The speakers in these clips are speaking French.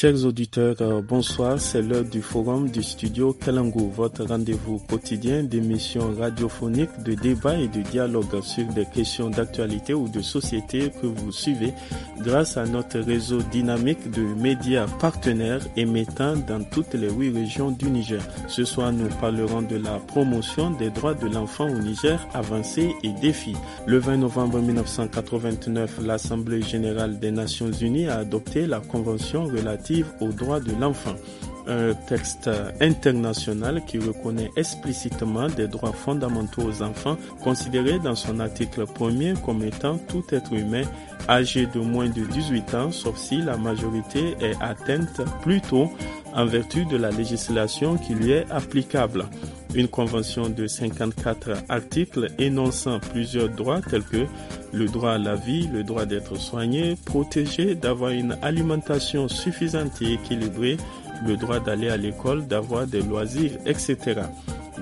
Chers auditeurs, euh, bonsoir. C'est l'heure du forum du studio Kalangou, votre rendez-vous quotidien d'émissions radiophoniques, de débats et de dialogues sur des questions d'actualité ou de société que vous suivez grâce à notre réseau dynamique de médias partenaires émettant dans toutes les huit régions du Niger. Ce soir, nous parlerons de la promotion des droits de l'enfant au Niger, avancées et défis. Le 20 novembre 1989, l'Assemblée générale des Nations unies a adopté la Convention relative aux droits de l'enfant un texte international qui reconnaît explicitement des droits fondamentaux aux enfants, considérés dans son article premier comme étant tout être humain âgé de moins de 18 ans, sauf si la majorité est atteinte plus tôt en vertu de la législation qui lui est applicable. Une convention de 54 articles énonçant plusieurs droits tels que le droit à la vie, le droit d'être soigné, protégé, d'avoir une alimentation suffisante et équilibrée, le droit d'aller à l'école, d'avoir des loisirs, etc.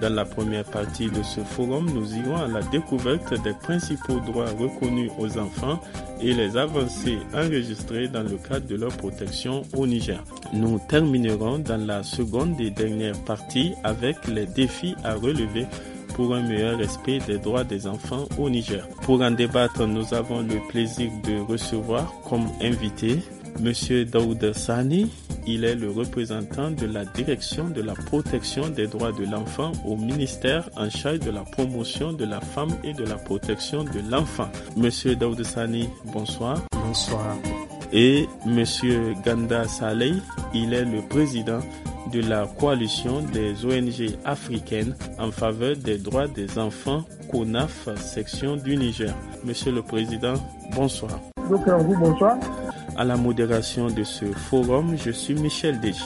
Dans la première partie de ce forum, nous irons à la découverte des principaux droits reconnus aux enfants et les avancées enregistrées dans le cadre de leur protection au Niger. Nous terminerons dans la seconde et dernière partie avec les défis à relever pour un meilleur respect des droits des enfants au Niger. Pour en débattre, nous avons le plaisir de recevoir comme invité M. Daoud Sani, il est le représentant de la direction de la protection des droits de l'enfant au ministère en charge de la promotion de la femme et de la protection de l'enfant. Monsieur Sani, bonsoir. Bonsoir. Et Monsieur Ganda Saleh, il est le président de la coalition des ONG africaines en faveur des droits des enfants CONAF section du Niger. Monsieur le Président, bonsoir. Donc, vous, bonsoir. À la modération de ce forum, je suis Michel Desch.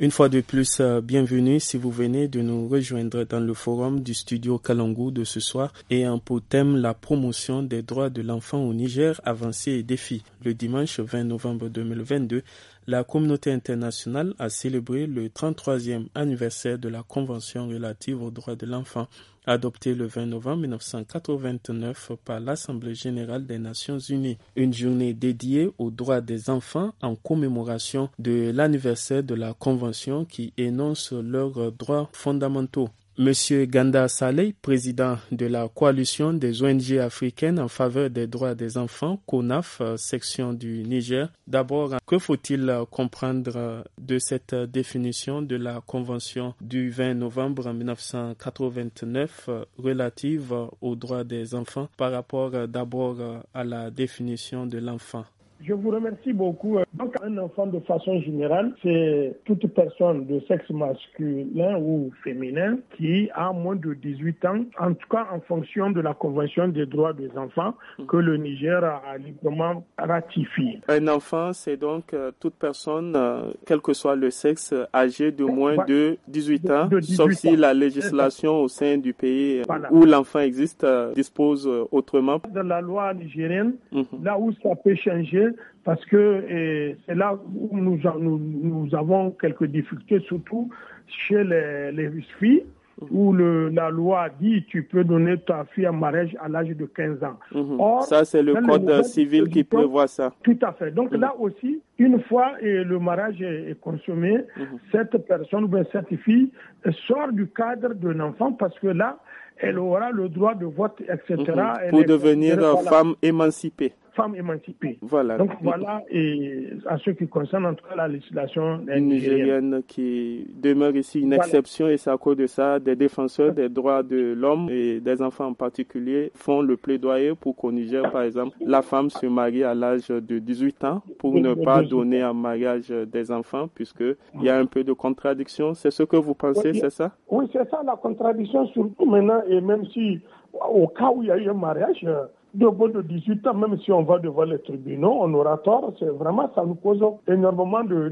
Une fois de plus, euh, bienvenue si vous venez de nous rejoindre dans le forum du studio Kalangou de ce soir et en pour thème la promotion des droits de l'enfant au Niger, avancées et défis. Le dimanche 20 novembre 2022, la communauté internationale a célébré le 33e anniversaire de la Convention relative aux droits de l'enfant, adoptée le 20 novembre 1989 par l'Assemblée générale des Nations unies, une journée dédiée aux droits des enfants en commémoration de l'anniversaire de la Convention qui énonce leurs droits fondamentaux. Monsieur Ganda Saleh, président de la coalition des ONG africaines en faveur des droits des enfants, CONAF, euh, section du Niger. D'abord, que faut-il euh, comprendre euh, de cette définition de la Convention du 20 novembre 1989 relative aux droits des enfants par rapport d'abord à la définition de l'enfant je vous remercie beaucoup. Donc, un enfant, de façon générale, c'est toute personne de sexe masculin ou féminin qui a moins de 18 ans, en tout cas en fonction de la Convention des droits des enfants que le Niger a librement ratifié Un enfant, c'est donc euh, toute personne, euh, quel que soit le sexe, âgée de euh, moins de 18 ans, sauf si la législation au sein du pays où l'enfant existe dispose autrement. Dans la loi nigérienne, mhm. là où ça peut changer, parce que c'est là où nous, avons quelques difficultés, surtout chez les, les filles, où la loi dit tu peux donner ta fille en mariage à l'âge de 15 ans. Mhm. ça, c'est le code civil qui prévoit ça. Tout à fait. Donc mhm. là aussi, une fois le mariage est, consommé, mhm. cette personne ou cette fille sort du cadre d'un enfant parce que là, elle aura le droit de vote, etc. Pour devenir femme émancipée femmes émancipées. Voilà. Donc voilà, et à ce qui concerne en tout cas la législation nigérienne qui demeure ici une exception et c'est à cause de ça des défenseurs des droits de l'homme et des enfants en particulier font le plaidoyer pour qu'au Niger, par exemple, la femme se marie à l'âge de 18 ans pour ne pas donner en mariage des enfants puisque il y a un peu de contradiction. C'est ce que vous pensez, c'est ça Oui, c'est ça la contradiction surtout maintenant et même si au cas où il y a eu un mariage, de bout de 18 ans, même si on va devant les tribunaux, on aura tort. C'est vraiment, ça nous cause énormément de,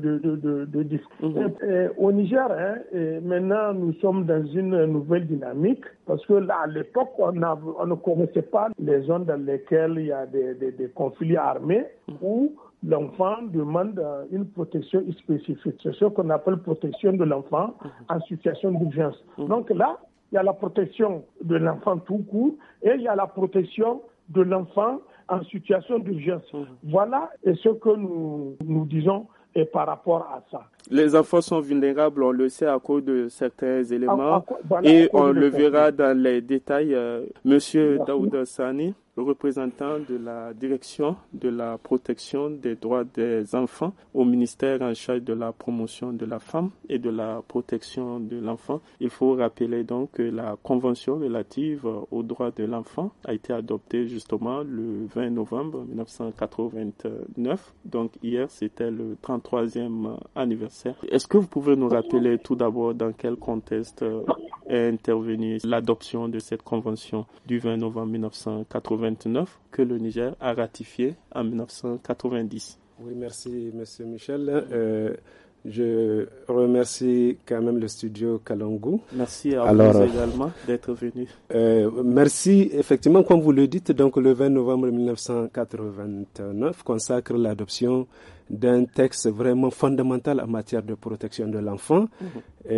de, difficultés. Mhm. Au Niger, hein, maintenant, nous sommes dans une nouvelle dynamique parce que là, à l'époque, on, ne connaissait pas les zones dans lesquelles il y a des, conflits armés mhm. où l'enfant demande euh, une protection spécifique. C'est ce qu'on appelle protection de l'enfant mhm. en situation d'urgence. Donc là, il y a la protection de l'enfant tout court et il y a la protection de l'enfant en situation d'urgence. Mhm. Voilà ce que nous, nous disons et par rapport à ça. Les enfants sont vulnérables, on le sait, à cause de certains éléments. et on le verra dans les détails. Euh, Monsieur Daouda Sani, le représentant de la direction de la protection des droits des enfants au ministère en charge de la promotion de la femme et de la protection de l'enfant. Il faut rappeler donc que la convention relative aux droits de l'enfant a été adoptée justement le 20 novembre 1989. Donc hier, c'était le 33e anniversaire. Est-ce que vous pouvez nous rappeler tout d'abord dans quel contexte est intervenue l'adoption de cette convention du 20 novembre 1989? que le Niger a ratifié en 1990. Oui, merci, Monsieur Michel. Euh, je remercie quand même le studio Kalangu. Merci à vous euh, également d'être venu. Euh, merci. Effectivement, comme vous le dites, donc le 20 novembre 1989 consacre l'adoption d'un texte vraiment fondamental en matière de protection de l'enfant. Mhm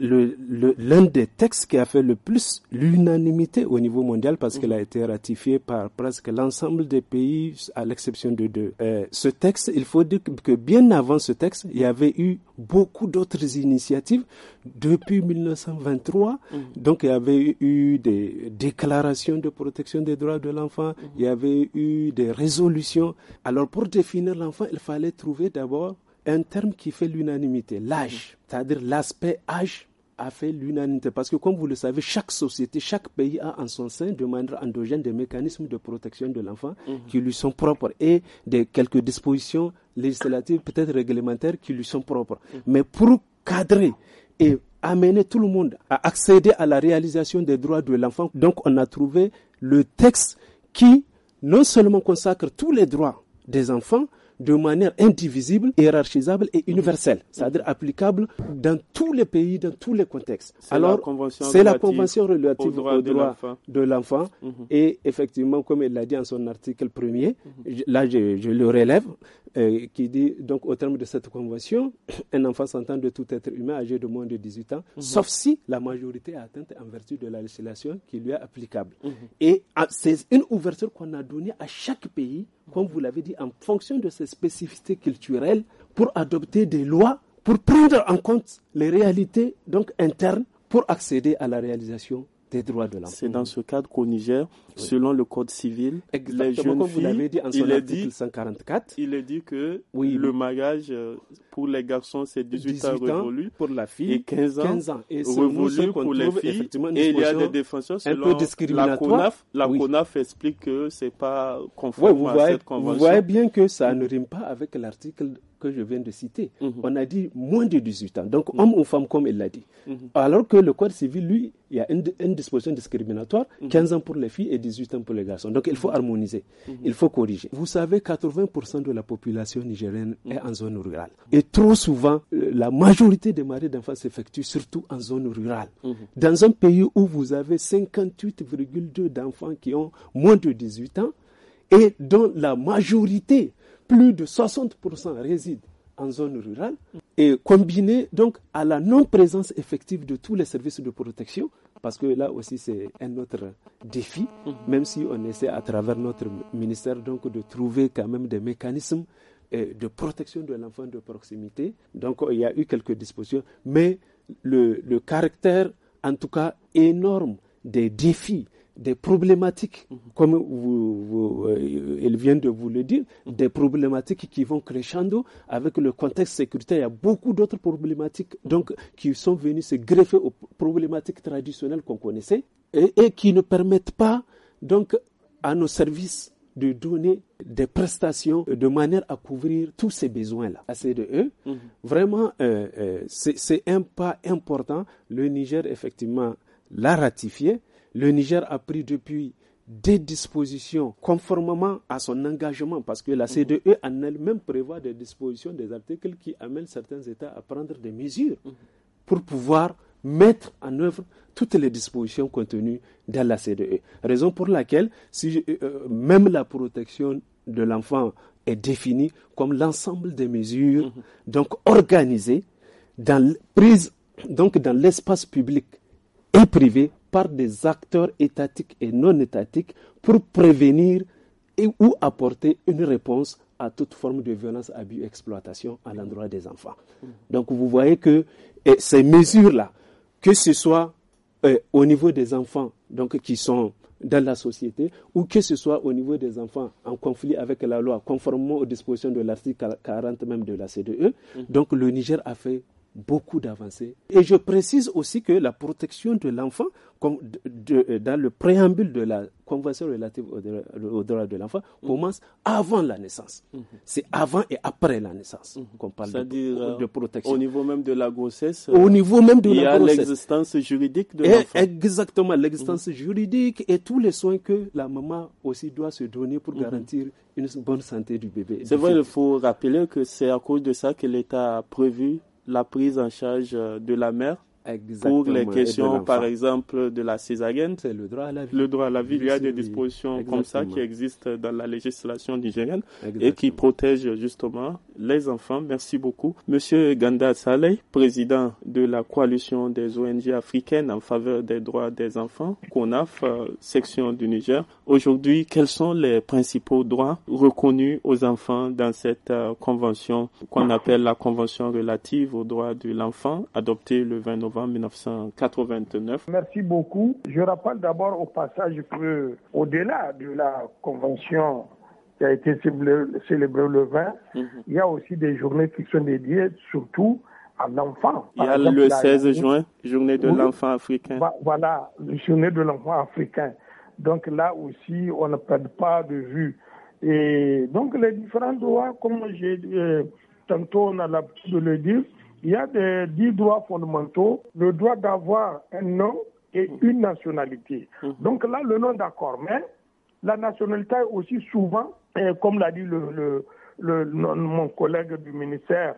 l'un le, des textes qui a fait le plus l'unanimité au niveau mondial parce qu'il a mhm. été ratifié par presque l'ensemble des pays à l'exception de deux. Euh, ce texte, il faut dire que bien avant ce texte, il y avait eu beaucoup d'autres initiatives depuis 1923. Mhm. Donc il y avait eu des déclarations de protection des droits de l'enfant, mhm. il y avait eu des résolutions. Alors pour définir l'enfant, il fallait trouver d'abord un terme qui fait l'unanimité, l'âge, c'est-à-dire l'aspect âge a fait l'unanimité. Parce que, comme vous le savez, chaque société, chaque pays a en son sein de manière endogène des mécanismes de protection de l'enfant mhm. qui lui sont propres et des quelques dispositions législatives, peut-être réglementaires, qui lui sont propres. Mhm. Mais pour cadrer et amener tout le monde à accéder à la réalisation des droits de l'enfant, donc on a trouvé le texte qui non seulement consacre tous les droits des enfants, de manière indivisible, hiérarchisable et universelle, c'est-à-dire applicable dans tous les pays, dans tous les contextes. Alors, c'est la convention relative aux droits de l'enfant. Mhm. Et effectivement, comme il l'a dit en son article premier, mhm. là je, le relève, euh, qui dit donc au terme de cette convention, un enfant s'entend de tout être humain âgé de moins de 18 ans, mhm. sauf si la majorité est atteinte en vertu de la législation qui lui est applicable. Mhm. Et ah, c'est une ouverture qu'on a donnée à chaque pays, comme vous l'avez dit, en fonction de ses spécificités culturelles, pour adopter des lois, pour prendre en compte les réalités donc internes pour accéder à la réalisation droits de l'enfant. C'est dans ce cadre qu'au Niger, selon le Code civil, les jeunes filles, il est dit, 144, il est dit que oui, le mariage euh, pour les garçons c'est 18, ans révolu pour la fille et 15 ans, 15 ans. révolu pour les filles. Et il y a des défenseurs selon la CONAF. La CONAF explique que c'est pas conforme à cette convention. Vous voyez bien que ça ne rime pas avec l'article que je viens de citer, mhm. on a dit moins de 18 ans, donc mhm. homme ou femme, comme il l'a dit. Mhm. Alors que le Code civil, lui, il y a une, disposition discriminatoire, 15 ans pour les filles et 18 ans pour les garçons. Donc il faut harmoniser, il faut corriger. Vous savez, 80% de la population nigérienne est en zone rurale. Et trop souvent, euh, la majorité des mariages d'enfants s'effectuent surtout en zone rurale. Dans un pays où vous avez 58,2 d'enfants qui ont moins de 18 ans, et dont la majorité plus de 60% résident en zone rurale, et combiné donc à la non-présence effective de tous les services de protection, parce que là aussi c'est un autre défi, même si on essaie à travers notre ministère donc de trouver quand même des mécanismes euh, de protection de l'enfant de proximité. Donc il y a eu quelques dispositions, mais le, le caractère en tout cas énorme des défis des problématiques, comme vous, euh, il vient de vous le dire, des problématiques qui vont crescendo avec le contexte sécuritaire. Il y a beaucoup d'autres problématiques donc, qui sont venues se greffer aux problématiques traditionnelles qu'on connaissait et, qui ne permettent pas donc, à nos services de donner des prestations de manière à couvrir tous ces besoins-là. À mm-hmm. vraiment, euh, euh, c'est un pas important. Le Niger, effectivement, l'a ratifié le Niger a pris depuis des dispositions conformément à son engagement, parce que la mhm. CDE en elle-même prévoit des dispositions, des articles qui amènent certains États à prendre des mesures mhm. pour pouvoir mettre en œuvre toutes les dispositions contenues dans la CDE. Raison pour laquelle, si, euh, euh, même la protection de l'enfant est définie comme l'ensemble des mesures mhm. donc organisées dans donc dans l'espace public et privé par des acteurs étatiques et non étatiques pour prévenir et ou apporter une réponse à toute forme de violence, abus, exploitation à l'endroit des enfants. Donc vous voyez que eh, ces mesures-là, que ce soit eh, au niveau des enfants donc, qui sont dans la société, ou que ce soit au niveau des enfants en conflit avec la loi, conformément aux dispositions de l'article 40 même de la CDE, e, mm. donc le Niger a fait beaucoup d'avancées. Et je précise aussi que la protection de l'enfant, dans le préambule de la Convention relative aux droits au de l'enfant, mhm. commence avant la naissance. Mhm. C'est avant et après la naissance mhm. qu'on parle de, euh, de, protection. Au niveau même de la grossesse. Au niveau même de la grossesse. Il y a l'existence juridique de l'enfant. Exactement, l'existence juridique et tous les soins que la maman aussi doit se donner pour garantir une bonne santé du bébé. C'est vrai, il faut rappeler que c'est à cause de ça que l'État a prévu la prise en charge euh, de la mère Exactement. Pour les questions, par exemple, de la césarienne, le droit à la vie. Le droit à la vie, il y a des dispositions comme ça qui existent dans la législation nigérienne et qui protègent justement les enfants. Merci beaucoup. Monsieur Ganda Saleh, président de la coalition des ONG africaines en faveur des droits des enfants, CONAF, euh, section du Niger. Aujourd'hui, quels sont les principaux droits reconnus aux enfants dans cette euh, convention qu'on appelle la convention relative aux droits de l'enfant adoptée le 20 1989. Merci beaucoup. Je rappelle d'abord au passage que, au-delà de la convention qui a été célébrée le 20, mhm. il y a aussi des journées qui sont dédiées surtout à l'enfant. Il y a le 16 juin, journée de l'enfant africain. Voilà, journée de l'enfant africain. Donc là aussi, on ne perd pas de vue. Et donc les différents droits, comme j'ai euh, tantôt on a l'habitude de le dire, il y a des dix droits fondamentaux, le droit d'avoir un nom et mm. une nationalité. Mm. Donc là, le nom d'accord, mais la nationalité aussi souvent, euh, comme l'a dit le, mon collègue du ministère,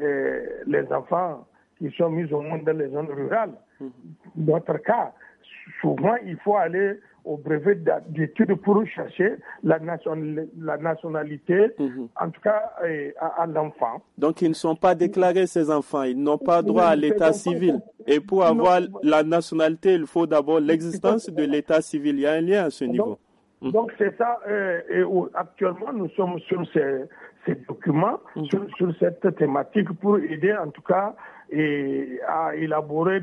euh, les enfants qui sont mis au monde dans les zones rurales, mm. dans notre cas, souvent il faut aller au brevet d'études pour chercher la, nationalité, mm-hmm. en tout cas euh, à, l'enfant. Donc ils ne sont pas déclarés ces enfants, ils n'ont pas droit à l'état civil. Et pour avoir la nationalité, il faut d'abord l'existence de l'état civil. Il y a un lien à ce niveau. Donc mm. c'est ça, euh, et actuellement nous sommes sur ces, documents, mm-hmm. sur, cette thématique pour aider en tout cas à élaborer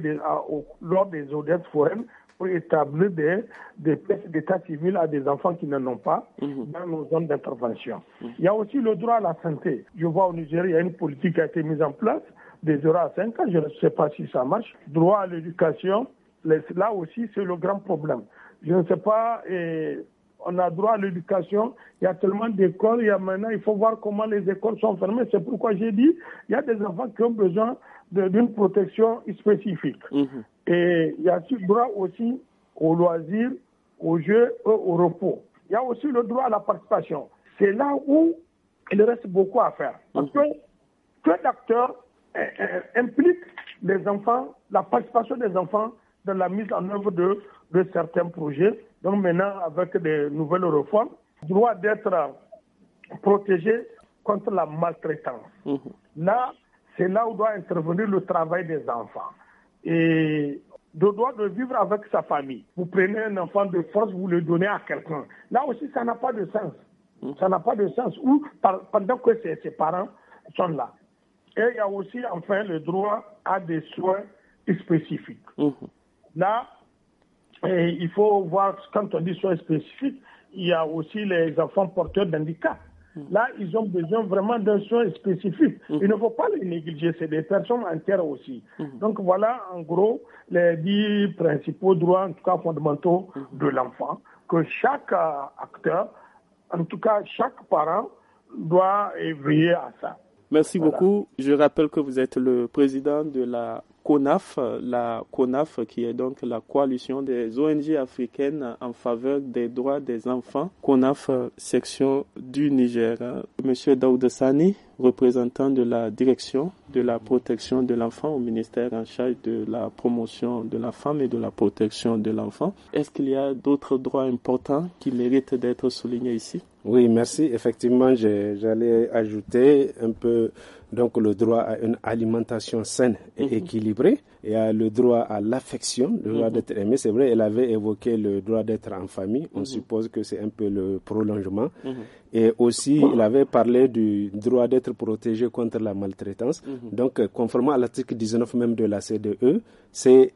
lors des audiences foraines pour établir des, des pièces d'état civil à des enfants qui n'en ont pas mhm. dans nos zones d'intervention. Mhm. Il y a aussi le droit à la santé. Je vois au Nigeria, il y a une politique qui a été mise en place des heures à 5 ans, je ne sais pas si ça marche. Droit à l'éducation, là aussi c'est le grand problème. Je ne sais pas, eh, on a droit à l'éducation, il y a tellement d'écoles, il y a maintenant, il faut voir comment les écoles sont fermées. C'est pourquoi j'ai dit, il y a des enfants qui ont besoin d'une protection spécifique. Mhm. Et il y a ce droit aussi aux loisirs, aux jeux et au repos. Il y a aussi le droit à la participation. C'est là où il reste beaucoup à faire. Parce que peu d'acteurs euh, euh, implique les enfants, la participation des enfants dans la mise en œuvre de, certains projets. Donc maintenant, avec des nouvelles réformes, droit d'être protégé contre la maltraitance. Mhm. Là, c'est là où doit intervenir le travail des enfants et le droit de vivre avec sa famille. Vous prenez un enfant de force, vous le donnez à quelqu'un. Là aussi, ça n'a pas de sens. Hmm. Ça n'a pas de sens. pendant que ses, parents sont là. Et il y a aussi, enfin, le droit à des soins spécifiques. Hmm. Là, il faut voir, quand on dit soins spécifiques, il y a aussi les enfants porteurs d'handicap. Là, ils ont besoin vraiment d'un soin spécifique. Mm-hmm. Il ne faut pas les négliger. C'est des personnes entières aussi. Mm-hmm. Donc voilà, en gros, les dix principaux droits, en tout cas fondamentaux, mm-hmm. de l'enfant que chaque euh, acteur, en tout cas chaque parent, doit veiller à ça. Merci beaucoup. Je rappelle que vous êtes le président de la CONAF, euh, la CONAF qui est donc la coalition des ONG africaines en faveur des droits des enfants, CONAF euh, section du Niger. Euh, Monsieur Daoud représentant de la direction de la protection de l'enfant au ministère en charge de la promotion de la femme et de la protection de l'enfant. Est-ce qu'il y a d'autres droits importants qui méritent d'être soulignés ici Oui, merci. Effectivement, j'allais ajouter un peu donc le droit à une alimentation saine et mhm. équilibrée, et le droit à l'affection, le droit mhm. d'être aimé. C'est vrai, elle avait évoqué le droit d'être en famille. On mhm. suppose que c'est un peu le prolongement. Et aussi, il avait parlé du droit d'être protégé contre la maltraitance. Mhm. Donc, euh, conformément à l'article 19 même de la CDE, c'est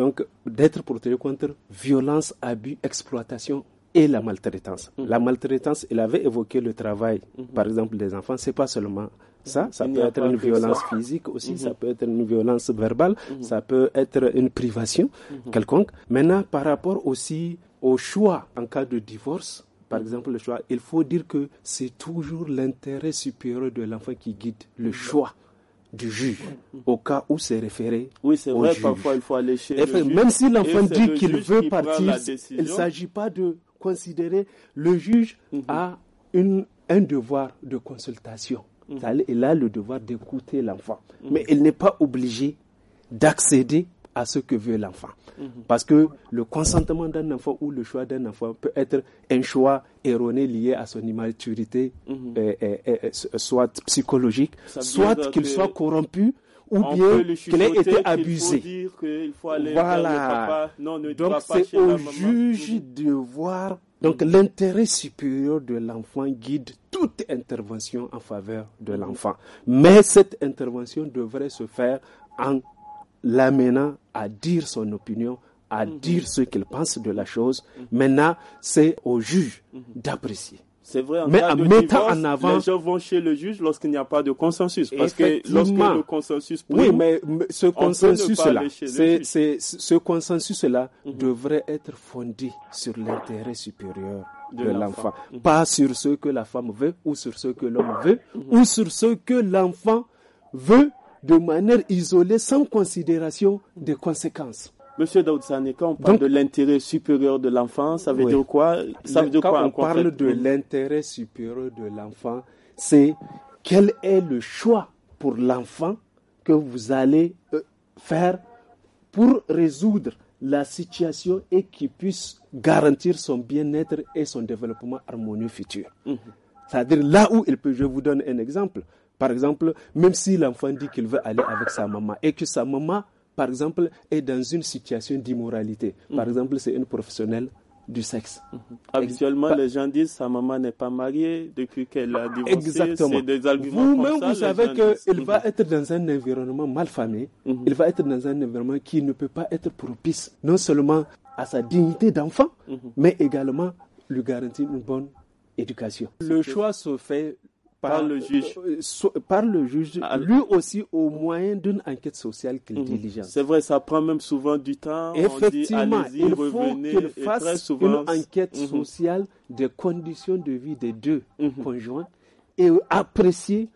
donc d'être protégé contre violence, abus, exploitation et la maltraitance. Mhm. La maltraitance, il avait évoqué le travail, mhm. par exemple, des enfants. C'est pas seulement ça, ça peut être une violence physique aussi, ça peut être une violence verbale, ça peut être une privation quelconque. Maintenant, par rapport aussi au choix en cas de divorce, par exemple le choix, il faut dire que c'est toujours l'intérêt supérieur de l'enfant qui guide le mm-hmm. choix du juge mm-hmm. au cas où c'est référé. Oui, c'est vrai, parfois il faut aller chez le juge. Même si l'enfant dit qu'il veut partir, il ne s'agit pas de considérer le juge a mm-hmm. une, un devoir de consultation. Il a le devoir d'écouter l'enfant, mais il n'est pas obligé d'accéder à ce que veut l'enfant. Mhm. Parce que le consentement d'un enfant ou le choix d'un enfant peut être un choix erroné lié à son immaturité, mhm. euh, euh, euh, soit psychologique, soit qu'il soit corrompu ou bien qu'il ait été abusé. voilà. donc c'est au juge mhm. de voir. Donc l'intérêt supérieur de l'enfant guide toute intervention en faveur de l'enfant. Mais cette intervention devrait se faire en l'amenant à dire son opinion, à mhm. dire ce qu'il pense de la chose. Maintenant, c'est au juge mhm. d'apprécier. C'est vrai, en Mais en mettant en avant, les gens vont chez le juge lorsqu'il n'y a pas de consensus. Parce que lorsque le consensus Oui, mais ce consensus-là, ce consensus-là mhm. devrait être fondé sur l'intérêt supérieur de, l'enfant. Pas sur ce que la femme veut, ou sur ce que l'homme veut, ou sur ce que l'enfant veut de manière isolée sans considération des conséquences. Monsieur Daoud quand on parle de l'intérêt supérieur de l'enfant, ça veut dire quoi Ça veut dire quand on parle de l'intérêt supérieur de l'enfant, c'est quel est le choix pour l'enfant que vous allez euh, faire pour résoudre la situation et qui puisse garantir son bien-être et son développement harmonieux futur. Mhm. C'est-à-dire là où il peut, je vous donne un exemple, par exemple, même si l'enfant dit qu'il veut aller avec sa maman et que sa maman, par exemple, est dans une situation d'immoralité, par mhm. exemple, c'est une professionnelle du sexe. Mhm. Habituellement, les gens disent sa maman n'est pas mariée depuis qu'elle a divorcé. Exactement. Des arguments vous même vous savez qu'il va mhm. être dans un environnement mal famé. Il va être dans un environnement qui ne peut pas être propice non seulement à sa dignité d'enfant, mais également lui garantir une bonne éducation. Le choix se fait euh, par, le juge. par ah, le juge, lui aussi au moyen d'une enquête sociale qu'il mhm. C'est vrai, ça prend même souvent du temps. Effectivement, dit, il faut qu'il fasse une enquête mhm. sociale des conditions de vie des deux mhm. conjoints et apprécier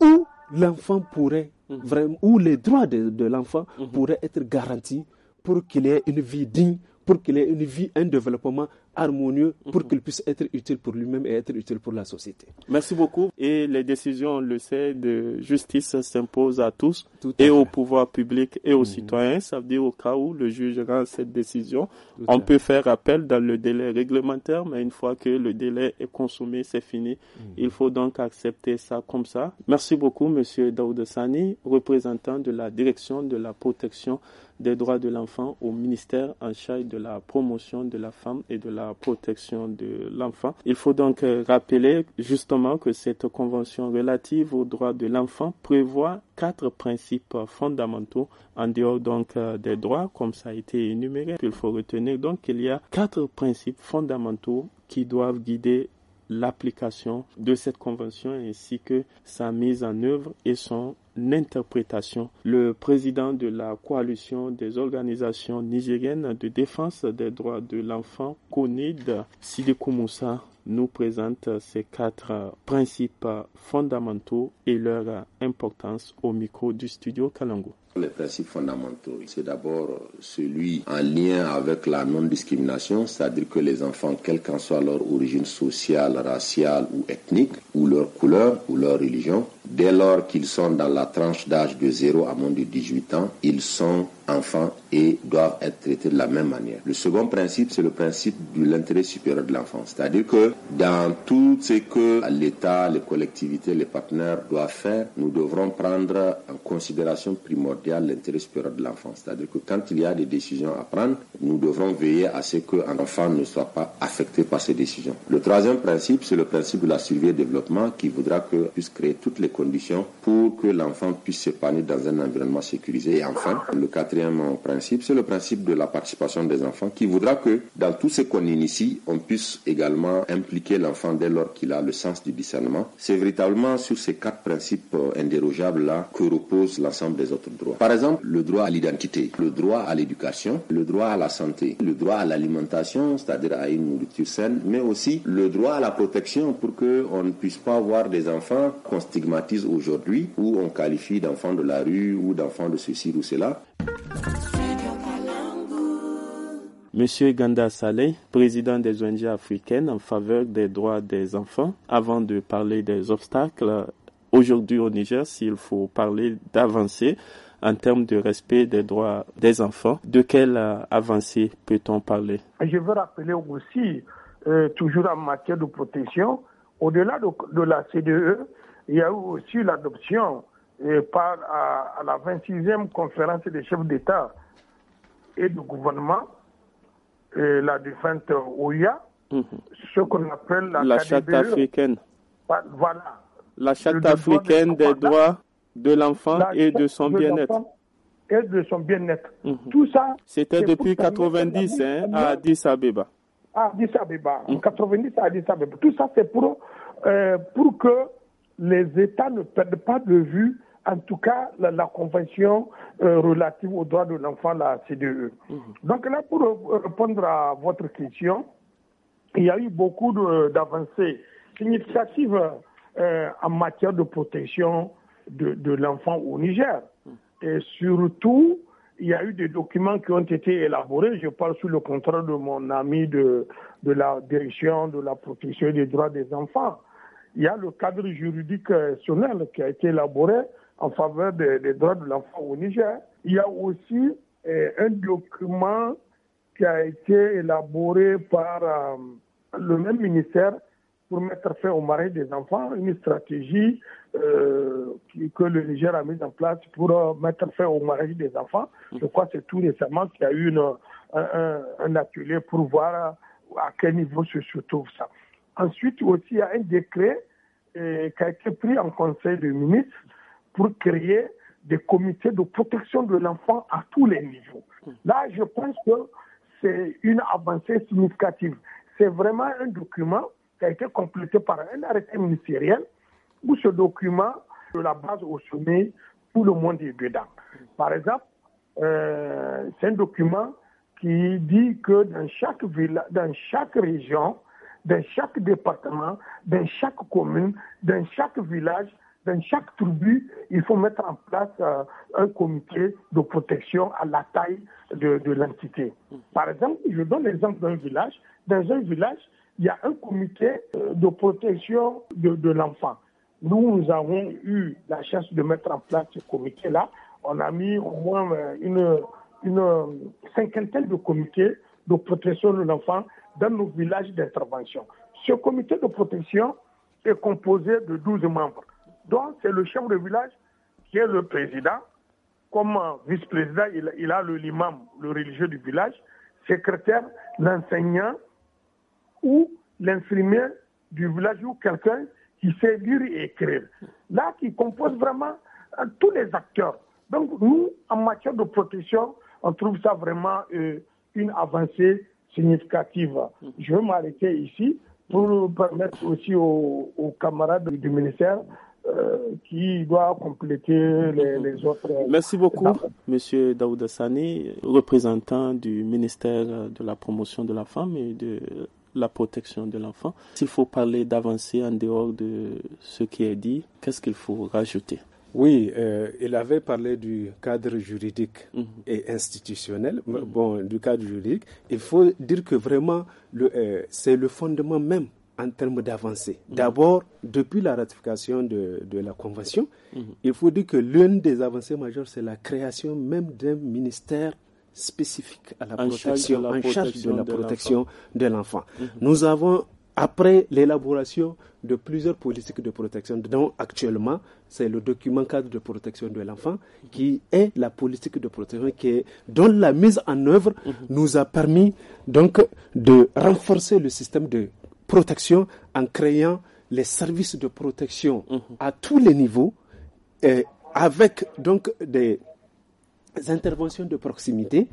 où l'enfant pourrait, vraiment, où les droits de, l'enfant pourraient être garantis pour qu'il ait une vie digne, pour qu'il ait une vie, un développement harmonieux pour mhm. qu'il puisse être utile pour lui-même et être utile pour la société. Merci beaucoup. Et les décisions, on le sait, de justice s'imposent à tous et au pouvoir public et aux mhm. citoyens. Ça veut dire au cas où le juge rend cette décision, on peut faire appel dans le délai réglementaire, mais une fois que le délai est consommé, c'est fini. Mhm. Il faut donc accepter ça comme ça. Merci beaucoup, Monsieur Daoud Sani, représentant de la direction de la protection des droits de l'enfant au ministère en charge de la promotion de la femme et de la protection de l'enfant. Il faut donc euh, rappeler justement que cette convention relative aux droits de l'enfant prévoit quatre principes fondamentaux en dehors donc euh, des droits comme ça a été énuméré. Il faut retenir donc qu'il y a quatre principes fondamentaux qui doivent guider l'application de cette convention ainsi que sa mise en œuvre et son L'interprétation, le président de la coalition des organisations nigériennes de défense des droits de l'enfant, Konid Sidi nous présente ces quatre principes fondamentaux et leur importance au micro du studio Kalango. Les principes fondamentaux, c'est d'abord celui en lien avec la non-discrimination, c'est-à-dire que les enfants, quelle qu'en soit leur origine sociale, raciale ou ethnique, ou leur couleur ou leur religion, Dès lors qu'ils sont dans la tranche d'âge de 0 à moins de 18 ans, ils sont enfants et doivent être traités de la même manière. Le second principe, c'est le principe de l'intérêt supérieur de l'enfant. C'est-à-dire que dans tout ce que l'État, les collectivités, les partenaires doivent faire, nous devrons prendre en considération primordiale l'intérêt supérieur de l'enfant. C'est-à-dire que quand il y a des décisions à prendre, nous devrons veiller à ce qu'un enfant ne soit pas affecté par ces décisions. Le troisième principe, c'est le principe de la survie et développement qui voudra que puisse créer toutes les collectivités conditions pour que l'enfant puisse s'épanouir dans un environnement sécurisé. Et enfin, le quatrième principe, c'est le principe de la participation des enfants qui voudra que dans tout ce qu'on initie, on puisse également impliquer l'enfant dès lors qu'il a le sens du discernement. C'est véritablement sur ces quatre principes euh, indérogeables-là que repose l'ensemble des autres droits. Par exemple, le droit à l'identité, le droit à l'éducation, le droit à la santé, le droit à l'alimentation, c'est-à-dire à une nourriture saine, mais aussi le droit à la protection pour qu'on ne puisse pas avoir des enfants qu'on aujourd'hui, où on qualifie d'enfant de la rue ou d'enfant de ceci ou cela. Monsieur Ganda Saleh, président des ONG africaines en faveur des droits des enfants, avant de parler des obstacles, aujourd'hui au Niger, s'il faut parler d'avancées en termes de respect des droits des enfants, de quelle avancée peut-on parler Je veux rappeler aussi, euh, toujours en matière de protection, au-delà de, de, la CDE, il y a eu aussi l'adoption euh, par à, la 26e conférence des chefs d'État et de gouvernement, euh, la défunte OUYA, mhm. ce qu'on appelle la, charte e. africaine. Bah, voilà. La charte africaine des, droits de l'enfant et de son bien-être. Et de son bien-être. Mhm. Tout ça. C'était depuis 90 hein, à Addis Abeba. Addis Abeba. Mhm. En 90 à Addis Abeba. Tout ça, c'est pour, euh, pour que les États ne perdent pas de vue en tout cas la, convention euh, relative aux droits de l'enfant, la CDE. Mhm. Donc là, pour répondre à votre question, il y a eu beaucoup d'avancées significatives euh, en matière de protection de, l'enfant au Niger. Mhm. Et surtout, il y a eu des documents qui ont été élaborés. Je parle sous le contrôle de mon ami de la direction de la protection des droits des enfants il y a le cadre juridique euh, national qui a été élaboré en faveur des, droits de l'enfant au Niger. Il y a aussi euh, un document qui a été élaboré par euh, le même ministère pour mettre fin au mariage des enfants, une stratégie que le Niger a mise en place pour mettre fin au mariage des enfants. Je crois que c'est tout récemment qu'il y a eu un, atelier pour voir à quel niveau se trouve ça. Ensuite, aussi, il y a un décret euh, qui a été pris en Conseil de ministres pour créer des comités de protection de l'enfant à tous les niveaux. Là, je pense que c'est une avancée significative. C'est vraiment un document qui a été complété par un arrêté ministériel où ce document, de la base au sommet, tout le monde est dedans. Par exemple, euh, c'est un document qui dit que dans chaque, ville, dans chaque région, dans chaque département, dans chaque commune, dans chaque village, dans chaque tribu, il faut mettre en place euh, un comité de protection à la taille de, l'entité. Par exemple, je donne l'exemple d'un village. Dans un village, il y a un comité euh, de protection de, l'enfant. Nous, nous avons eu la chance de mettre en place ce comité-là. On a mis au moins euh, une cinquantaine de comités de protection de l'enfant dans nos villages d'intervention. Ce comité de protection est composé de 12 membres, Donc, c'est le chef de village qui est le président. Comme vice-président, il, a le l'imam, le religieux du village, secrétaire, l'enseignant ou l'infirmier du village ou quelqu'un qui sait lire et écrire. Là, qui compose vraiment euh, tous les acteurs. Donc, nous, en matière de protection, on trouve ça vraiment euh, une avancée significative. Mhm. Je vais m'arrêter ici pour permettre aussi aux, camarades du ministère euh, qui doit compléter mhm. les, autres. Merci beaucoup, Monsieur Daouda Sani, représentant du ministère de la promotion de la femme et de la protection de l'enfant. S'il faut parler d'avancée en dehors de ce qui est dit, qu'est-ce qu'il faut rajouter oui, euh, il avait parlé du cadre juridique mhm. et institutionnel. Mhm. Bon, du cadre juridique, il faut dire que vraiment, euh, c'est le fondement même en termes d'avancée. Mhm. D'abord, depuis la ratification de, la Convention, il faut dire que l'une des avancées majeures, c'est la création même d'un ministère spécifique à la en protection, en charge de la protection de l'enfant. Nous avons après l'élaboration de plusieurs politiques de protection, dont actuellement, c'est le document cadre de protection de l'enfant, qui est la politique de protection qui dont la mise en œuvre mhm. nous a permis donc de renforcer le système de protection en créant les services de protection mhm. à tous les niveaux, avec donc des interventions de proximité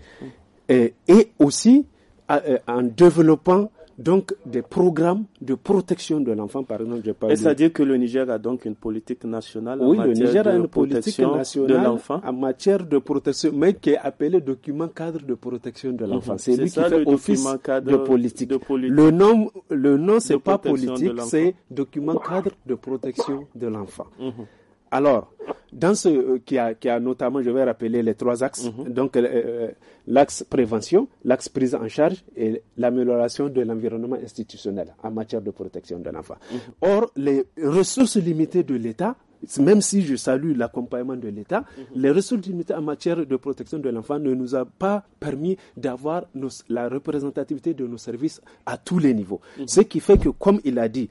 mhm. et aussi euh, euh, en développant donc des programmes de protection de l'enfant, par exemple. c'est-à-dire que le Niger a donc une politique nationale en matière le Niger a une politique nationale de l'enfant en matière de protection, mais qui est appelée document cadre de protection de l'enfant. Mhm. C'est lui qui fait office de politique. Le nom, le nom, c'est pas politique, c'est document cadre de protection de l'enfant. Mhm. Alors, dans ce euh, qui a, notamment, je vais rappeler les trois axes, mhm. donc euh, euh, l'axe prévention, l'axe prise en charge et l'amélioration de l'environnement institutionnel en matière de protection de l'enfant. Mhm. Or, les ressources limitées de l'État même si je salue l'accompagnement de l'État, mhm. les ressources limitées en matière de protection de l'enfant ne nous a pas permis d'avoir la représentativité de nos services à tous les niveaux. Ce qui fait que, comme il a dit,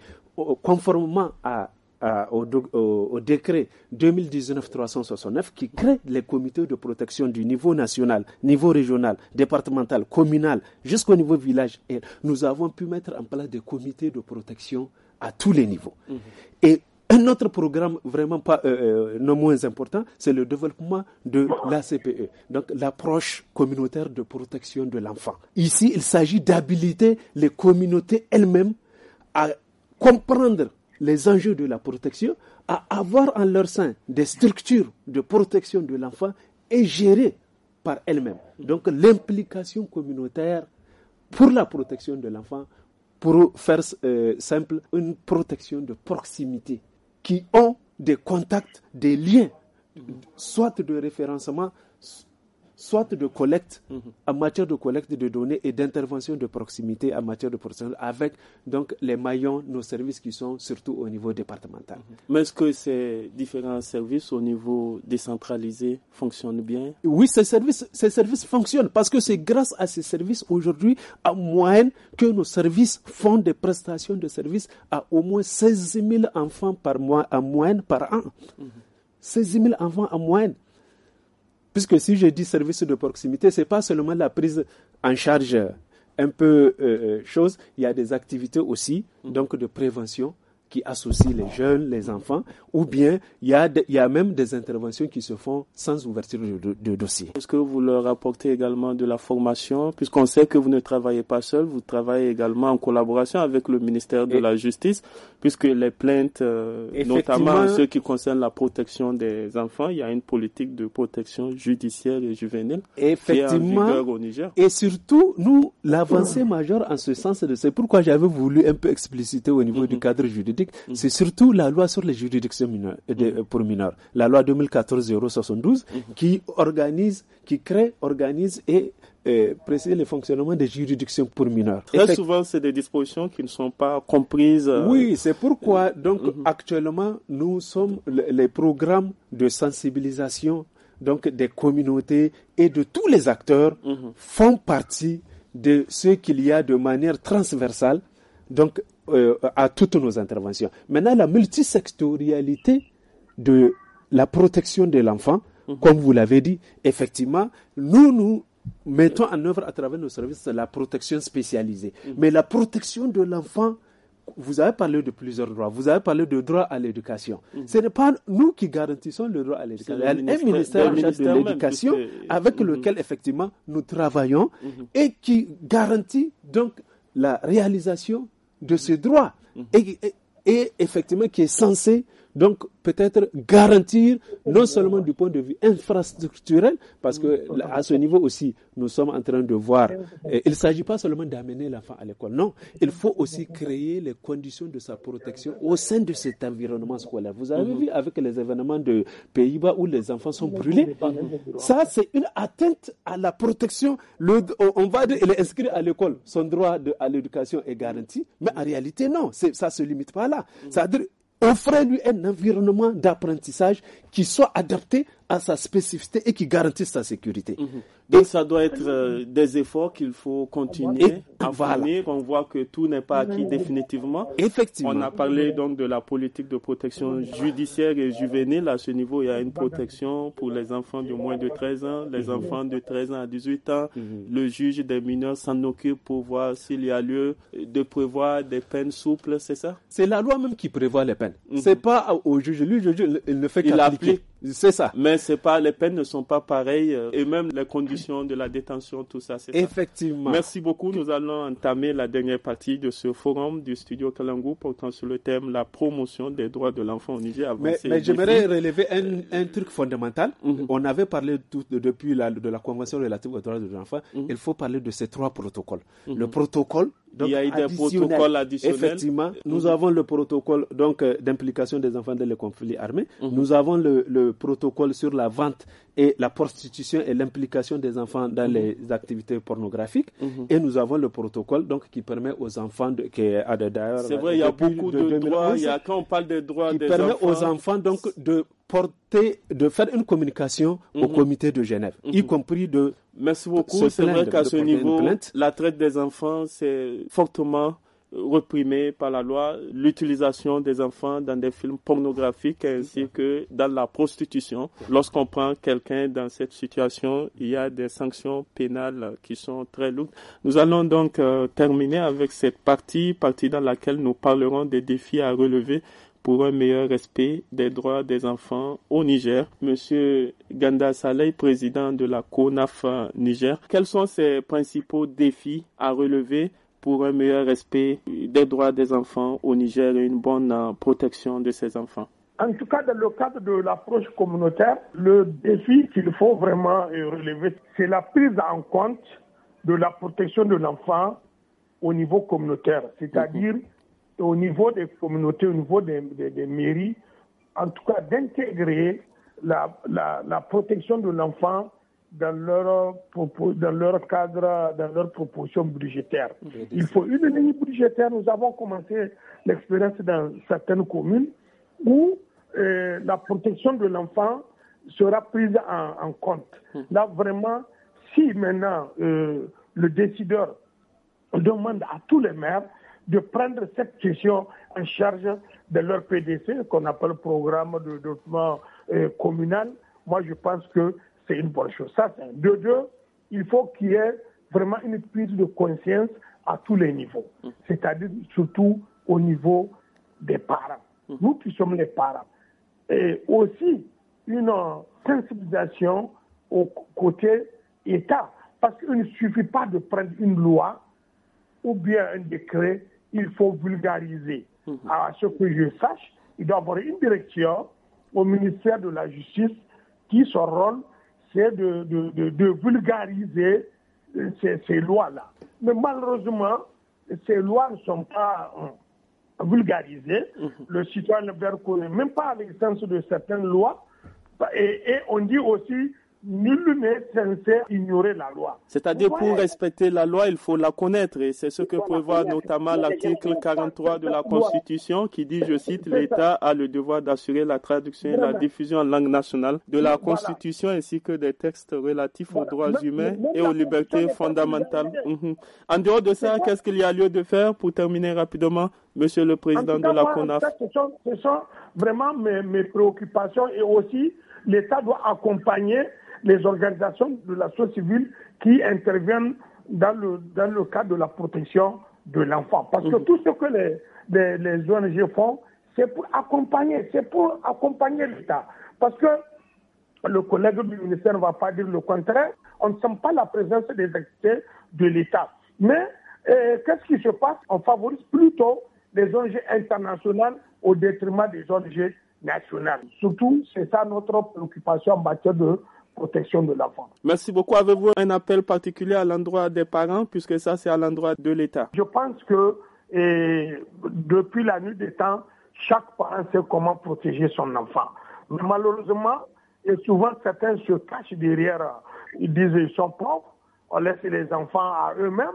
conformément à au, décret 2019-369 qui crée les comités de protection du niveau national, niveau régional, départemental, communal, jusqu'au niveau village. Et nous avons pu mettre en place des comités de protection à tous les niveaux. Mhm. Et un autre programme vraiment pas euh, euh, non moins important, c'est le développement de l'ACPE, donc l'approche communautaire de protection de l'enfant. Ici, il s'agit d'habiliter les communautés elles-mêmes à comprendre les enjeux de la protection, à avoir en leur sein des structures de protection de l'enfant et gérées par elles-mêmes. Donc l'implication communautaire pour la protection de l'enfant, pour faire euh, simple, une protection de proximité, qui ont des contacts, des liens, soit de référencement, soit de collecte mhm. en matière de collecte de données et d'intervention de proximité en matière de personnel avec donc les maillons, nos services qui sont surtout au niveau départemental. Mhm. Mais est-ce que ces différents services au niveau décentralisé fonctionnent bien Oui, ces services, ces services fonctionnent parce que c'est grâce à ces services aujourd'hui, en moyenne, que nos services font des prestations de services à au moins 16 000 enfants par mois en moyenne par an. 16 mhm. 000 enfants en moyenne. Puisque si je dis service de proximité, ce n'est pas seulement la prise en charge euh, un peu euh, euh, chose, il y a des activités aussi, mm. donc de prévention, qui associe les jeunes, les enfants, ou bien il y, a il même des interventions qui se font sans ouverture de, dossier. Est-ce que vous leur apportez également de la formation, puisqu'on sait que vous ne travaillez pas seul, vous travaillez également en collaboration avec le ministère de la Justice, puisque les plaintes, euh, notamment en ce qui concerne la protection des enfants, il y a une politique de protection judiciaire et juvénile effectivement, qui est en vigueur au Niger. Et surtout, nous, l'avancée majeure en ce sens, c'est pourquoi j'avais voulu un peu expliciter au niveau du mhm. cadre juridique Mm-hmm. c'est surtout la loi sur les juridictions euh, mm-hmm. pour mineurs, la loi 2014-072, mm-hmm. qui organise, qui crée, organise et euh, précise le fonctionnement des juridictions pour mineurs. Très souvent, c'est des dispositions qui ne sont pas comprises. Euh, oui, c'est pourquoi, donc, actuellement, nous sommes les programmes de sensibilisation donc des communautés et de tous les acteurs font partie de ce qu'il y a de manière transversale donc euh, à toutes nos interventions. Maintenant, la multisectorialité de la protection de l'enfant, mhm. comme vous l'avez dit, effectivement, nous, nous mettons en œuvre à travers nos services la protection spécialisée. Mhm. Mais la protection de l'enfant, vous avez parlé de plusieurs droits. Vous avez parlé de droit à l'éducation. Mhm. Ce n'est pas nous qui garantissons le droit à l'éducation. Il y a un ministère, de l'éducation avec lequel, effectivement, nous travaillons et qui garantit donc la réalisation de ce droit. Et, et effectivement, qui est censé donc, peut-être garantir, non seulement du point de vue infrastructurel, parce que à ce niveau aussi, nous sommes en train de voir, il ne s'agit pas seulement d'amener l'enfant à l'école, non, il faut aussi créer les conditions de sa protection au sein de cet environnement scolaire. Vous avez mhm. vu avec les événements de Pays-Bas où les enfants sont brûlés, ça c'est une atteinte à la protection. Le, on va dire, il est inscrit à l'école, son droit de, à l'éducation est garanti, mais en réalité non, ça ne se limite pas là. Mhm. C'est-à-dire offrez-lui un environnement d'apprentissage qui soit adapté à sa spécificité et qui garantisse sa sécurité. Mhm. Donc ça doit être euh, des efforts qu'il faut continuer à voilà. On voit que tout n'est pas acquis définitivement. Effectivement. On a parlé donc de la politique de protection judiciaire et juvénile. À ce niveau, il y a une protection pour les enfants de moins de 13 ans, les mhm. enfants de 13 ans à 18 ans. Mhm. Le juge des mineurs s'en occupe pour voir s'il y a lieu de prévoir des peines souples, c'est ça C'est la loi même qui prévoit les peines. Ce C'est pas au juge. Lui, le juge, il ne fait qu'appliquer. C'est ça. Mais c'est pas, les peines ne sont pas pareilles euh, et même les conditions de la détention, tout ça, c'est Effectivement. Merci beaucoup. Nous allons entamer la dernière partie de ce forum du studio Kalangou portant sur le thème la promotion des droits de l'enfant au Niger. Mais, j'aimerais relever un, truc fondamental. Mhm. On avait parlé depuis la, de la convention relative aux droits de l'enfant. Mhm. Il faut parler de ces trois protocoles. Mhm. Le protocole donc, il y a eu des protocoles additionnels. Effectivement, mhm. nous avons le protocole donc euh, d'implication des enfants dans les conflits armés. Mhm. Nous avons le, protocole sur la vente et la prostitution et l'implication des enfants dans mhm. les activités pornographiques. Et nous avons le protocole donc qui permet aux enfants de, C'est vrai, il y a beaucoup de, droits. Il y a quand on parle des droits qui permet aux enfants donc de porter, de faire une communication au mhm. comité de Genève, y mhm. compris de. Merci beaucoup. C'est vrai qu'à ce niveau, la traite des enfants, c'est fortement reprimé par la loi l'utilisation des enfants dans des films pornographiques ainsi que dans la prostitution. Lorsqu'on prend quelqu'un dans cette situation, il y a des sanctions pénales qui sont très lourdes. Nous allons donc euh, terminer avec cette partie, partie dans laquelle nous parlerons des défis à relever pour un meilleur respect des droits des enfants au Niger. Monsieur Ganda Saleh, président de la CONAF Niger, quels sont ses principaux défis à relever pour un meilleur respect des droits des enfants au Niger et une bonne euh, protection de ces enfants en tout cas, dans le cadre de l'approche communautaire, le défi qu'il faut vraiment euh, relever, c'est la prise en compte de la protection de l'enfant au niveau communautaire, c'est-à-dire mhm au niveau des communautés, au niveau des, mairies, en tout cas d'intégrer la, la, protection de l'enfant dans leur, dans leur cadre, dans leur proposition budgétaire. Il faut une ligne budgétaire. Nous avons commencé l'expérience dans certaines communes où euh, la protection de l'enfant sera prise en, compte. Hmm. Là, vraiment, si maintenant euh, le décideur demande à tous les maires, de prendre cette question en charge de leur PDC, qu'on appelle le programme de développement euh, communal. Moi, je pense que c'est une bonne chose. Ça, c'est un. De deux, il faut qu'il y ait vraiment une prise de conscience à tous les niveaux, mm. c'est-à-dire surtout au niveau des parents. Mm. Nous qui sommes les parents. Et aussi une sensibilisation au côté État, parce qu'il ne suffit pas de prendre une loi ou bien un décret il faut vulgariser. Mhm. À ce que je sache, il doit y avoir une direction au ministère de la Justice qui, son rôle, c'est de, vulgariser euh, ces, lois-là. Mais malheureusement, ces lois ne sont pas euh, vulgarisées. Mhm. Le citoyen ne connaît même pas l'existence de certaines lois. et on dit aussi ignorer la loi. C'est-à-dire pour respecter la loi, il faut la connaître et c'est ce que prévoit notamment l'article 43 de la Constitution qui dit, je cite, l'État a le devoir d'assurer la traduction et la diffusion en langue nationale de la Constitution ainsi que des textes relatifs aux droits humains et aux libertés fondamentales. Mhm. En dehors de ça, qu'est-ce qu'il y a lieu de faire pour terminer rapidement, Monsieur le Président de la CONAF vraiment mes, préoccupations et aussi l'État doit accompagner les organisations de la société civile qui interviennent dans le, dans le cadre de la protection de l'enfant. Parce que mhm. tout ce que les, les, ONG font, c'est pour accompagner, c'est pour accompagner l'État. Parce que le collègue du ministère ne va pas dire le contraire. On ne sent pas la présence des acteurs de l'État. Mais eh, qu'est-ce qui se passe On favorise plutôt les ONG internationales au détriment des ONG nationales. Surtout, c'est ça notre préoccupation en matière de protection de l'enfant. Merci beaucoup. Avez-vous un appel particulier à l'endroit des parents, puisque ça, c'est à l'endroit de l'État Je pense que et, depuis la nuit des temps, chaque parent sait comment protéger son enfant. Mais malheureusement, et souvent certains se cachent derrière, ils disent qu'ils sont pauvres, on laisse les enfants à eux-mêmes.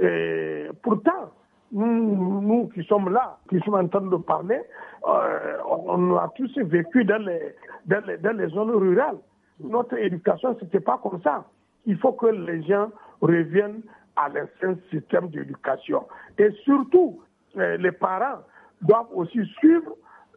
Et pourtant, nous, qui sommes là, qui sommes en train de parler, euh, on a tous vécu dans les, dans dans les zones rurales. Notre éducation, ce n'était pas comme ça. Il faut que les gens reviennent à l'ancien système d'éducation. Et surtout, euh, les parents doivent aussi suivre,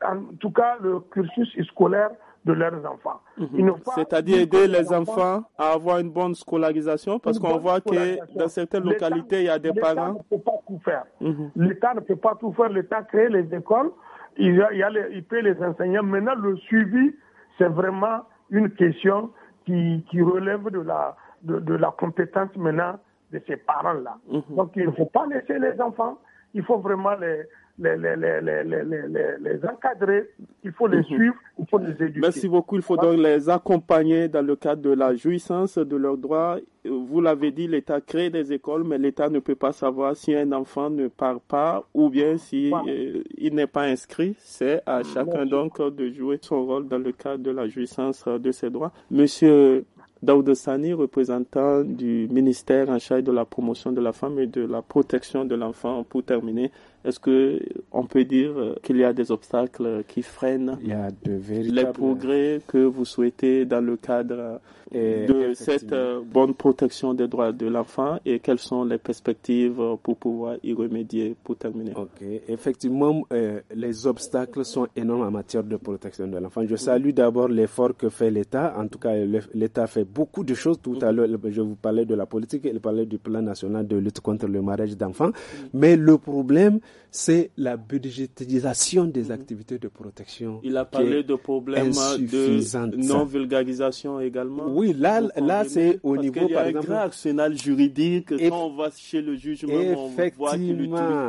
en tout cas, le cursus scolaire de leurs enfants. Mhm. C'est-à-dire aider les enfants à avoir une bonne scolarisation, parce qu'on voit que dans certaines localités, il y a des parents. L'État ne peut pas tout faire. Mhm. L'État ne peut pas tout faire. L'État crée les écoles, il, y a les, il paye les enseignants. Maintenant, le suivi, c'est vraiment une question qui, relève de la, de, la compétence maintenant de ces parents-là. Mhm. Donc, il ne faut pas laisser les enfants, il faut vraiment les, les, encadrer, il faut les mhm. suivre, il faut les éduquer. Merci beaucoup, il faut donc les accompagner dans le cadre de la jouissance de leurs droits. Vous l'avez dit, l'État crée des écoles, mais l'État ne peut pas savoir si un enfant ne part pas ou bien s'il euh, n'est pas inscrit. C'est à chacun donc de jouer son rôle dans le cadre de la jouissance de ses droits. Monsieur Daoud Sani, représentant du ministère en charge de la promotion de la femme et de la protection de l'enfant, pour terminer, est-ce que on peut dire euh, qu'il y a des obstacles qui freinent les progrès que vous souhaitez dans le cadre de cette euh, bonne protection des droits de l'enfant et quelles sont les perspectives euh, pour pouvoir y remédier pour terminer. Ok, effectivement, euh, les obstacles sont énormes en matière de protection de l'enfant. Je salue d'abord l'effort que fait l'État. En tout cas, l'État fait beaucoup de choses. Tout à l'heure, je vous parlais de la politique, il parlait du plan national de lutte contre le mariage d'enfants. Mm. Mais le problème, c'est la budgétisation des mm-hmm. activités de protection. Il a parlé de problèmes de non-vulgarisation également. Oui, oui, là, là c'est au niveau, y par exemple, grand arsenal juridique. Quand on va chez le juge, qu'il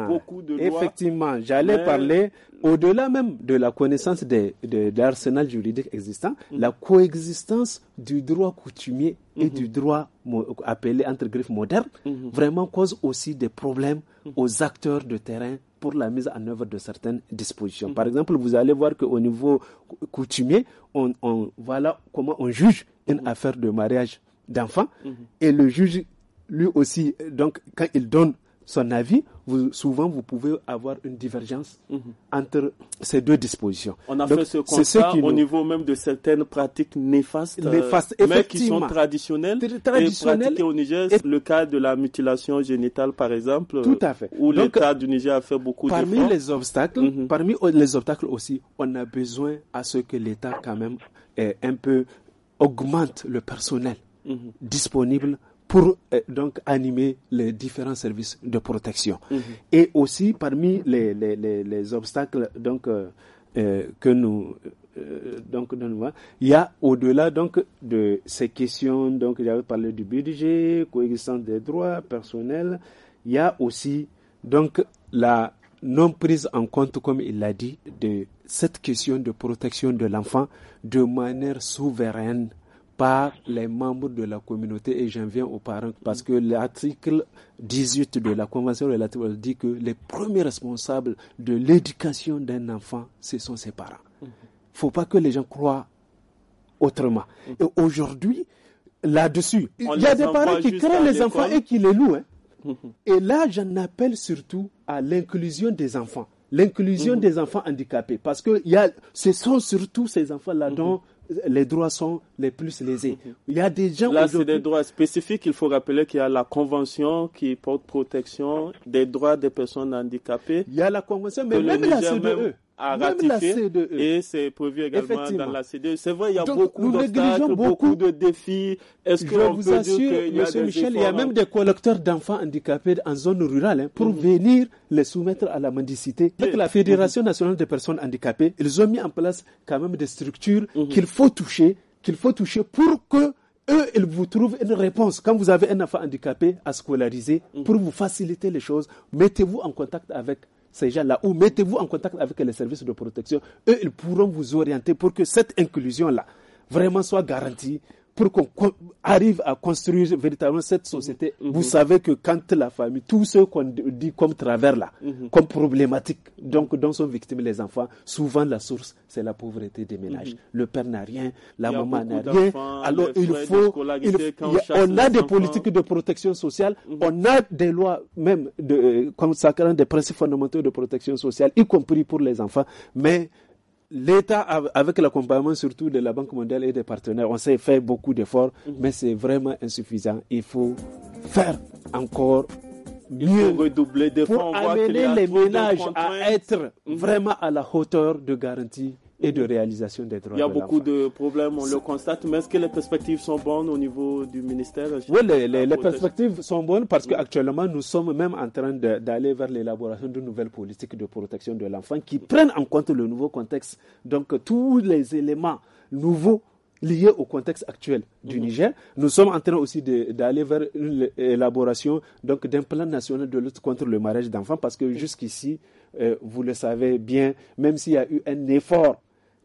beaucoup de lois. Effectivement, j'allais parler au-delà même de la connaissance des, de, l'arsenal juridique existant, mm-hmm. la coexistence du droit coutumier et du mm-hmm. droit appelé entre griffes moderne, mm-hmm. vraiment cause aussi des problèmes aux acteurs de terrain pour la mise en œuvre de certaines dispositions. Par exemple, vous allez voir qu'au niveau coutumier, on, on, voilà comment on juge une mhm. affaire de mariage d'enfant mhm. Et le juge, lui aussi, donc, quand il donne son avis, souvent vous pouvez avoir une divergence mhm. entre ces deux dispositions. On a fait ce constat au niveau même de certaines pratiques néfastes, euh, néfastes mais qui sont traditionnelles, et pratiquées au Niger. Le cas de la mutilation génitale, par exemple, Tout à fait. où l'État du Niger a fait beaucoup parmi de Parmi les obstacles, parmi les obstacles aussi, on a besoin à ce que l'État quand même est un peu augmente le personnel mhm. disponible pour euh, donc animer les différents services de protection. Mhm. Et aussi parmi les, les, les, obstacles donc euh, euh, que nous donc il y a au-delà donc de ces questions donc j'avais parlé du budget, coexistence des droits personnels, il y a aussi donc la non prise en compte comme il l'a dit de cette question de protection de l'enfant de manière souveraine par les membres de la communauté et j'en viens aux parents parce que l'article 18 de la Convention relative dit que les premiers responsables de l'éducation d'un enfant, ce sont ses parents. Mhm. faut pas que les gens croient autrement. Mhm. Et aujourd'hui, là-dessus, il y a des parents qui créent les enfants et qui les louent. Hein. Mhm. Et là, j'en appelle surtout à l'inclusion des enfants l'inclusion mhm. des enfants handicapés, parce que y a, ce sont surtout ces enfants-là mhm. dont les droits sont les plus lésés. Mhm. Il y a des gens... Là, c'est des droits spécifiques. Il faut rappeler qu'il y a la Convention qui porte protection des droits des personnes handicapées. Il y a la Convention, mais même la CDE à e. et c'est prévu également dans la CDE. C'est vrai, il y a beaucoup d'obstacles, beaucoup de défis. Est-ce que Je vous assure, dire Michel, il y a même des collecteurs d'enfants handicapés en zone rurale hein, pour mhm. venir les soumettre à la mendicité. Avec la Fédération mhm. nationale des personnes handicapées, ils ont mis en place quand même des structures mhm. qu'il faut toucher, qu'il faut toucher pour que eux, ils vous trouvent une réponse. Quand vous avez un enfant handicapé à scolariser, pour vous faciliter les choses, mettez-vous en contact avec ces gens-là ou mettez-vous en contact avec les services de protection. Eux, ils pourront vous orienter pour que cette inclusion-là vraiment soit garantie pour qu'on arrive à construire véritablement cette société, mm-hmm. vous savez que quand la famille, tout ce qu'on dit comme travers là, mm-hmm. comme problématique, donc dont sont victimes les enfants, souvent la source, c'est la pauvreté des ménages. Mm-hmm. Le père n'a rien, la maman n'a rien. Alors il faut, on a des politiques de protection sociale, on a des lois même de, euh, consacrant des principes fondamentaux de protection sociale, y compris pour les enfants, mais l'État, avec l'accompagnement surtout de la Banque mondiale et des partenaires, on sait faire beaucoup d'efforts, mhm. mais c'est vraiment insuffisant. Il faut faire encore mieux redoubler d'efforts pour amener les ménages à être vraiment à la hauteur de garantie et de réalisation des droits. Il y a beaucoup de problèmes, on le constate, mais est-ce que les perspectives sont bonnes au niveau du ministère Oui, les, perspectives sont bonnes parce qu'actuellement, nous sommes même en train d'aller vers l'élaboration de nouvelles politiques de protection de l'enfant qui prenne prennent en compte le nouveau contexte. Donc, tous les éléments nouveaux liés au contexte actuel du mhm. Niger. Nous sommes en train aussi d'aller vers l'élaboration d'un plan national de lutte contre le mariage d'enfants parce que mhm. jusqu'ici, euh, vous le savez bien, même s'il y a eu un effort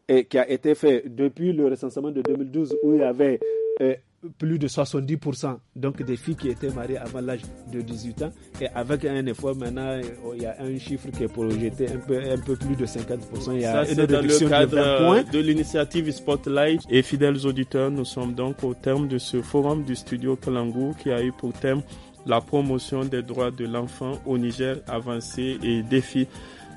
et euh, qui a été fait depuis le recensement de 2012 où il y avait euh, plus de 70% donc des filles qui étaient mariées avant l'âge de 18 ans et avec un effort maintenant il y a un chiffre qui est projeté un peu, un peu plus de 50% il y a Ça, une réduction dans le cadre de de l'initiative Spotlight et fidèles auditeurs nous sommes donc au terme de ce forum du studio Kalangou qui a eu pour thème la promotion des droits de l'enfant au Niger avancée et défi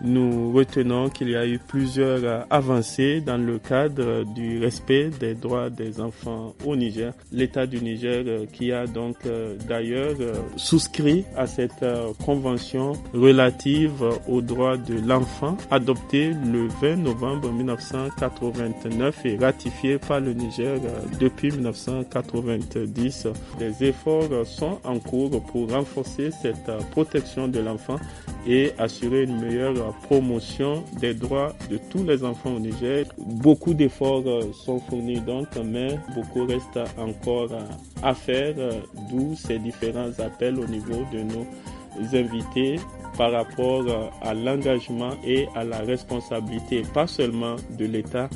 nous retenons qu'il y a eu plusieurs euh, avancées dans le cadre euh, du respect des droits des enfants au Niger. L'État du Niger euh, qui a donc d'ailleurs souscrit à cette convention relative aux droits de l'enfant adoptée le 20 novembre 1989 et ratifiée par le Niger depuis 1990. Les efforts sont en cours pour renforcer cette protection de l'enfant et assurer une meilleure la promotion des droits de tous les enfants au Niger. Beaucoup d'efforts euh, sont fournis donc, mais beaucoup reste encore euh, à faire, euh, d'où ces différents appels au niveau de nos invités par rapport à l'engagement et à la responsabilité, pas seulement de l'État,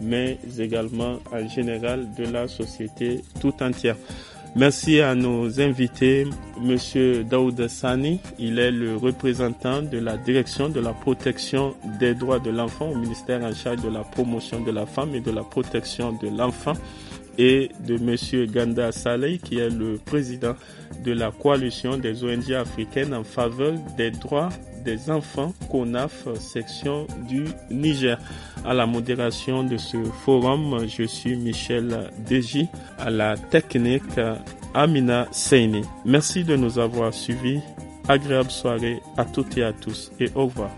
mais également en général de la société tout entière. Merci à nos invités, Monsieur Daoud Sani. Il est le représentant de la direction de la protection des droits de l'enfant au ministère en charge de la promotion de la femme et de la protection de l'enfant et de Monsieur Ganda Saleh, qui est le président de la coalition des ONG africaines en faveur des droits des enfants CONAF section du Niger. À la modération de ce forum, je suis Michel Deji, à la technique Amina Seini. Merci de nous avoir suivis. Agréable soirée à toutes et à tous et au revoir.